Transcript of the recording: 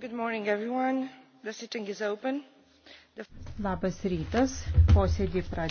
Good morning, everyone. The sitting is open. The... Labas rytas, posėdį pradė.